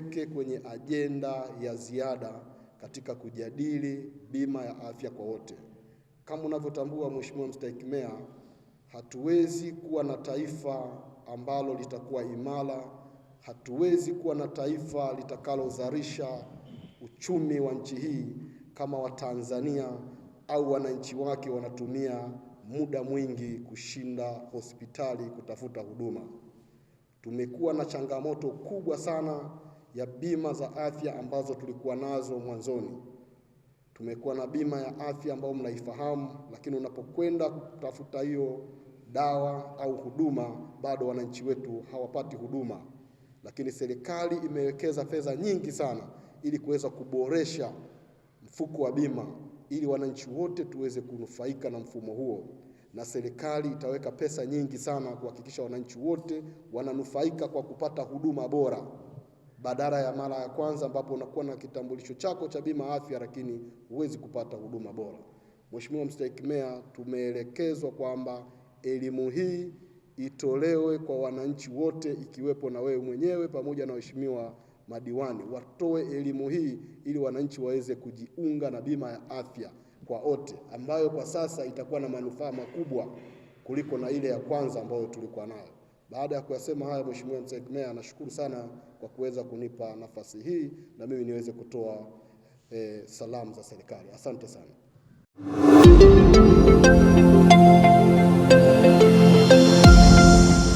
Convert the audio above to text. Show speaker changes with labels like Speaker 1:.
Speaker 1: tuweke kwenye ajenda ya ziada katika kujadili bima ya afya kwa wote. Kama unavyotambua Mheshimiwa Mstahiki Meya, hatuwezi kuwa na taifa ambalo litakuwa imara, hatuwezi kuwa na taifa litakalozalisha uchumi wa nchi hii kama Watanzania au wananchi wake wanatumia muda mwingi kushinda hospitali kutafuta huduma. Tumekuwa na changamoto kubwa sana ya bima za afya ambazo tulikuwa nazo mwanzoni. Tumekuwa na bima ya afya ambayo mnaifahamu, lakini unapokwenda kutafuta hiyo dawa au huduma, bado wananchi wetu hawapati huduma. Lakini serikali imewekeza fedha nyingi sana ili kuweza kuboresha mfuko wa bima ili wananchi wote tuweze kunufaika na mfumo huo, na serikali itaweka pesa nyingi sana kuhakikisha wananchi wote wananufaika kwa kupata huduma bora badala ya mara ya kwanza ambapo unakuwa na kitambulisho chako cha bima afya, lakini huwezi kupata huduma bora. Mheshimiwa Mstahiki Meya, tumeelekezwa kwamba elimu hii itolewe kwa wananchi wote ikiwepo na wewe mwenyewe pamoja na waheshimiwa madiwani watoe elimu hii ili wananchi waweze kujiunga na bima ya afya kwa wote, ambayo kwa sasa itakuwa na manufaa makubwa kuliko na ile ya kwanza ambayo tulikuwa nayo. Baada ya kuyasema haya, Mheshimiwa Nsekmea, nashukuru sana kwa kuweza kunipa nafasi hii na mimi niweze kutoa eh, salamu za serikali. Asante sana.